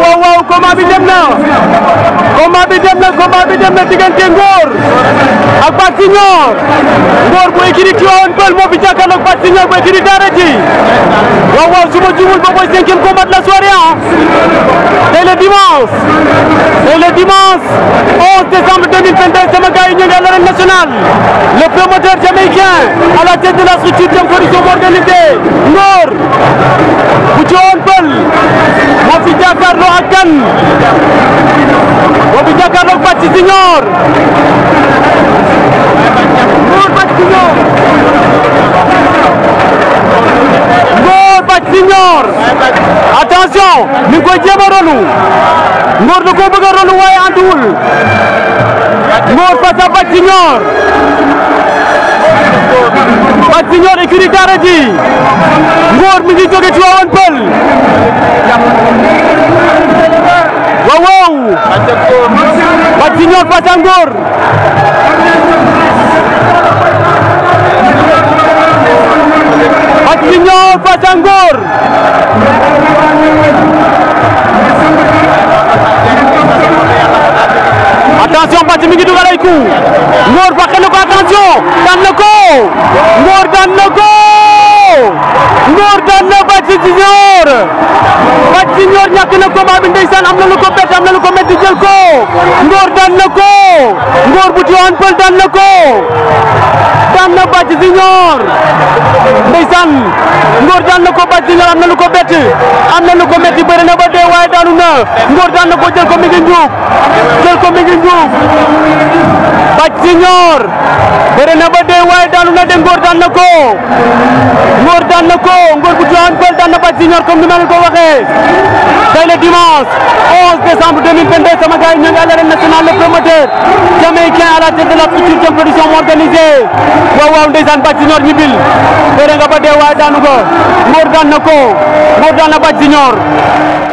waaw waaw waaw dem na combat bi dem na combat bi dem ak Bat Signor Ngor bu écurie Tivaouane moo fi jàkkaarloo ak Bat Signor bu écurie Daara ji ba mooy cinquième combat de la soirée ah tey le dimanche tey le dimanche 11 décembre 2022 sama gars yi ñu ngi à l'arène la tête de la structure Jam Production organisée ak kan boobu jàkkaarloog Bathie Junior Ngor Bathie Junior Ngor Bathie Junior attention koy jéem a ronu Ngor da koo bëgg a ronu waaye andiwul Ngor face à Bathie Junior Bathie ji Ngor ci Tivaouane Peulh Junior Pacha Ngor ak Junior Pacha Ngor attention Pacha mi ngi dugal ay coup Ngor fàqe na ko attention daan na ko Ngor daan na ko Junior ñàkk na combat bi ndeysaan am na lu ko am na lu ko jël ko Ngor daan na ko Ngor bu Tivaouane Peulh daan na ko daan na Bac Junior ndeysaan Ngor daan na ko Bac Junior am na lu ko am na lu ko métti na ba dee waaye daanu na Ngor daan na ko jël ko mi ngi jël ko mi ngi Bac Junior bëri na ba dee waaye daanu na de Ngor daan na ko Ngor daan na ko Ngor bu Tivaouane Peulh daan na Bac Junior comme ni ma leen ko waxee tey le dimanche 11 décembre 2022 sama gars yi ñu ngi à l'arène nationale le promoteur jamaïcain à la tête de la future jëm production organisée waaw waaw ndeysaan Bac Junior ñibbil bëri nga ba dee waaye daanu ko Ngor daan na ko Ngor daan na Bac Junior